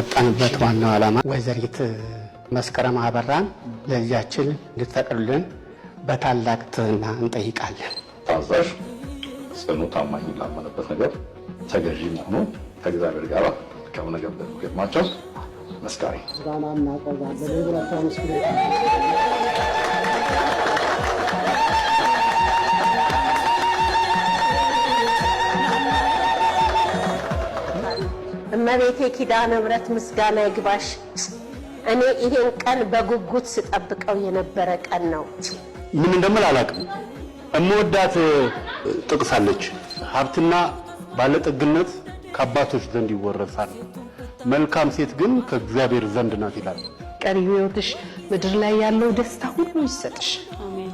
የመጣንበት ዋናው ዓላማ ወይዘሪት መስከረም አበራን ለልጃችን እንድትፈቅዱልን በታላቅ ትህትና እንጠይቃለን። ታዛዥ፣ ጽኑ፣ ታማኝ ላመነበት ነገር ተገዢ መሆኑ ከእግዚአብሔር ጋር ከመነገበት ገድማቸው መስካሪ እመቤቴ ኪዳነ ምሕረት ምስጋና ይግባሽ። እኔ ይሄን ቀን በጉጉት ስጠብቀው የነበረ ቀን ነው። ምን እንደምል አላውቅም። እመወዳት ጥቅስ ሀብትና ባለጠግነት ከአባቶች ዘንድ ይወረሳል፣ መልካም ሴት ግን ከእግዚአብሔር ዘንድ ናት ይላል። ቀሪ ህይወትሽ ምድር ላይ ያለው ደስታ ሁሉ ይሰጥሽ።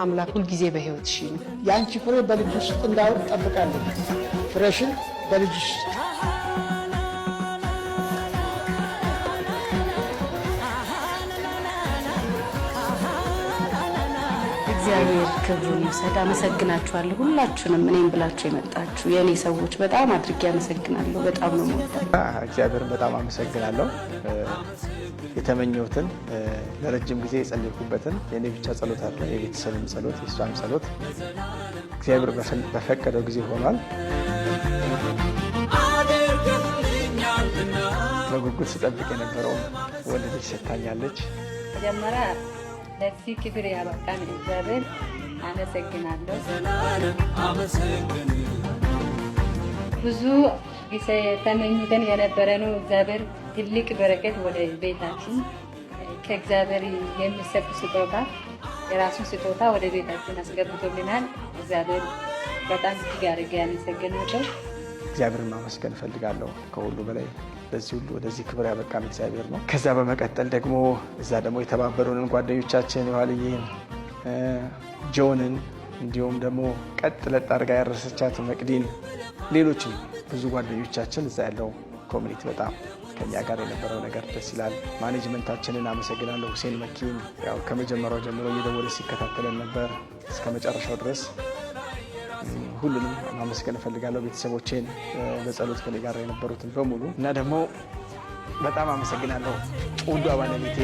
አምላክ ሁልጊዜ በህይወትሽ ነው። የአንቺ ፍሬ በልጅሽ ውስጥ እንዳይወድቅ ፍሬሽን በልጅሽ እግዚአብሔር ክብሩን ይውሰድ። አመሰግናችኋለሁ ሁላችሁንም፣ እኔም ብላችሁ የመጣችሁ የእኔ ሰዎች በጣም አድርጌ አመሰግናለሁ። በጣም ነው እግዚአብሔርን በጣም አመሰግናለሁ። የተመኘሁትን ለረጅም ጊዜ የጸለይኩበትን የእኔ ብቻ ጸሎት አለ የቤተሰብም ጸሎት የእሷም ጸሎት እግዚአብሔር በፈቀደው ጊዜ ሆኗል። በጉጉት ስጠብቅ የነበረውን ልጅ ሰታኛለች መጀመሪያ ለዚህ ክብር ያበቃን እግዚአብሔር አመሰግናለሁ። ብዙ ጊዜ ተመኝተን የነበረ ነው። እግዚአብሔር ትልቅ በረከት ወደ ቤታችን ከእግዚአብሔር የሚሰጡ ስጦታ የራሱን ስጦታ ወደ ቤታችን አስገብቶልናል። እግዚአብሔር በጣም እጅግ አድርጌ ያመሰግናለሁ። እግዚአብሔርን ማመስገን እፈልጋለሁ ከሁሉ በላይ በዚህ ሁሉ ወደዚህ ክብር ያበቃን እግዚአብሔር ነው። ከዛ በመቀጠል ደግሞ እዛ ደግሞ የተባበሩንን ጓደኞቻችን የኋልዬን ጆንን እንዲሁም ደግሞ ቀጥ ለጥ አድርጋ ያረሰቻት መቅዲን፣ ሌሎችም ብዙ ጓደኞቻችን እዛ ያለው ኮሚኒቲ በጣም ከኛ ጋር የነበረው ነገር ደስ ይላል። ማኔጅመንታችንን አመሰግናለሁ። ሁሴን መኪን ያው ከመጀመሪያው ጀምሮ እየደወለ ሲከታተለን ነበር እስከ መጨረሻው ድረስ ሁሉንም ማመስገን እፈልጋለሁ። ቤተሰቦቼን በጸሎት ከኔ ጋር የነበሩትን በሙሉ እና ደግሞ በጣም አመሰግናለሁ ውዱ አባለቤቴ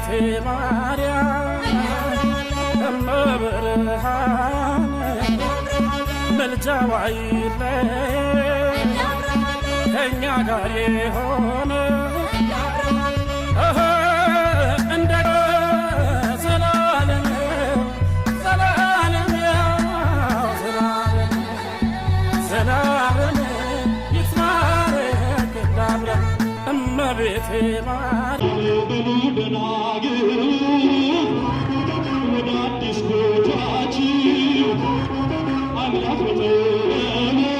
ቤተ ማርያም እመብርሃን ምልጃዋ አይለየን ከእኛ ጋር የሆነ I'm not with you.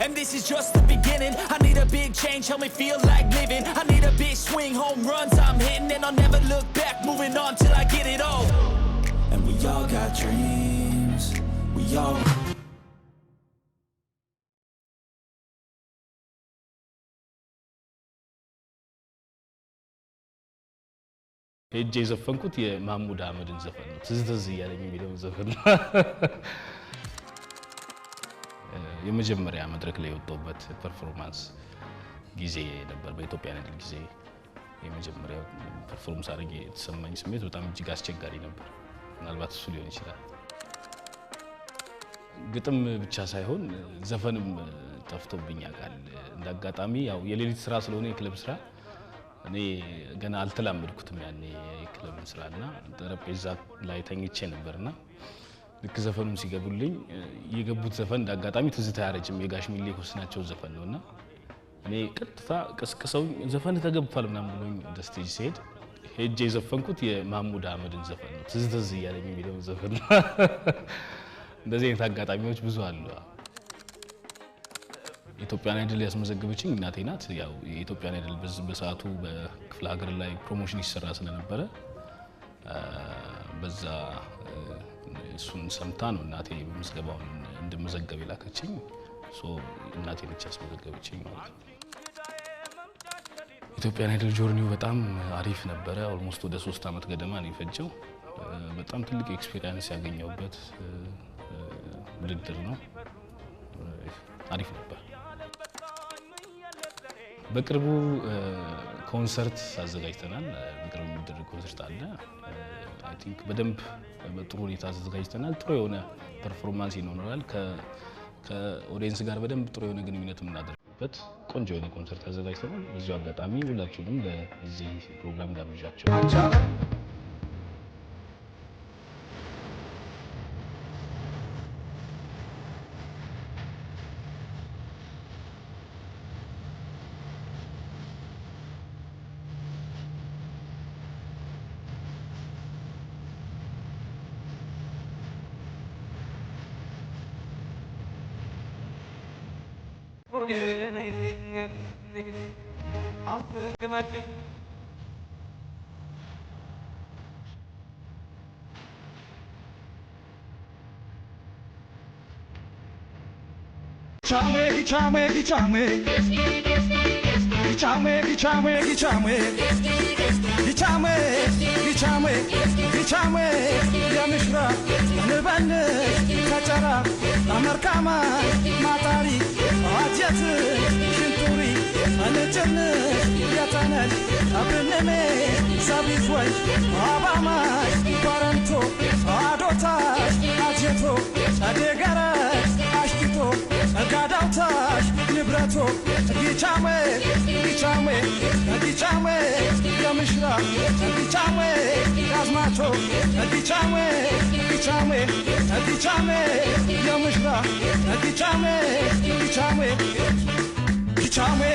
and this is just the beginning I need a big change, help me feel like living I need a big swing, home runs I'm hitting And I'll never look back, moving on till I get it all And we all got dreams, we all... ሄጄ የዘፈንኩት የማህሙድ አህመድን ዘፈን ነው ትዝ ትዝ እያለኝ የሚለውን ዘፈን የመጀመሪያ መድረክ ላይ የወጣሁበት ፐርፎርማንስ ጊዜ ነበር። በኢትዮጵያ ንግድ ጊዜ የመጀመሪያ ፐርፎርማንስ አድርጌ የተሰማኝ ስሜት በጣም እጅግ አስቸጋሪ ነበር። ምናልባት እሱ ሊሆን ይችላል። ግጥም ብቻ ሳይሆን ዘፈንም ጠፍቶብኝ ያውቃል። እንደ አጋጣሚ ያው የሌሊት ስራ ስለሆነ የክለብ ስራ እኔ ገና አልተላመድኩትም። ያኔ የክለብን ስራና ጠረጴዛ ላይ ተኝቼ ነበርና ልክ ዘፈኑን ሲገቡልኝ የገቡት ዘፈን እንደ አጋጣሚ ትዝታ ያረጅም የጋሽ ሚሌ ናቸው ዘፈን ነው እና እኔ ቀጥታ ቀስቅሰው ዘፈን ተገብቷል ምናም ብሎኝ ወደ ስቴጅ ሲሄድ ሄጄ የዘፈንኩት የማህሙድ አህመድን ዘፈን ነው። ትዝ እያለኝ የሚለው ዘፈን ነው። እንደዚህ አይነት አጋጣሚዎች ብዙ አሉ። ኢትዮጵያን አይድል ያስመዘግበችኝ እናቴ ናት። ያው የኢትዮጵያን አይድል በሰዓቱ በክፍለ ሀገር ላይ ፕሮሞሽን ይሰራ ስለነበረ በዛ እሱን ሰምታ ነው እናቴ ምዝገባውን እንድመዘገብ የላከችኝ። እናቴ ነች ያስመዘገበችኝ ማለት ነው። ኢትዮጵያን አይዶል ጆርኒው በጣም አሪፍ ነበረ። ኦልሞስት ወደ ሶስት ዓመት ገደማ ነው የፈጀው። በጣም ትልቅ ኤክስፔሪንስ ያገኘውበት ውድድር ነው። አሪፍ ነበር። በቅርቡ ኮንሰርት አዘጋጅተናል። በቅርቡ የሚደረግ ኮንሰርት አለ። አይ ቲንክ በደንብ በጥሩ ሁኔታ ተዘጋጅተናል። ጥሩ የሆነ ፐርፎርማንስ ይኖረናል። ከኦዲየንስ ጋር በደንብ ጥሩ የሆነ ግንኙነት የምናደርግበት ቆንጆ የሆነ ኮንሰርት አዘጋጅተናል። በዚሁ አጋጣሚ ሁላችሁንም ለዚህ ፕሮግራም ጋብዣቸው Çamı, çamı, çamı Çamı, çamı, çamı Çamı, çamı, çamı Yamışra, nöbenli Kaçarak, anarkama Matari, ልጀት ሽንጡሪ አንጭን ያታነል አብነሜ ሳቢዝወይ አባማሽ ጓረንቶ አዶታሽ አጀቶ ንብረቱ ጊቻሜ ጊቻሜ ጊቻሜ ለምሽራ ጊቻሜ ዳዝማቾ ጊቻሜ ጊቻሜ ጊቻሜ ለምሽራ ጊቻሜ ጊቻሜ ጊቻሜ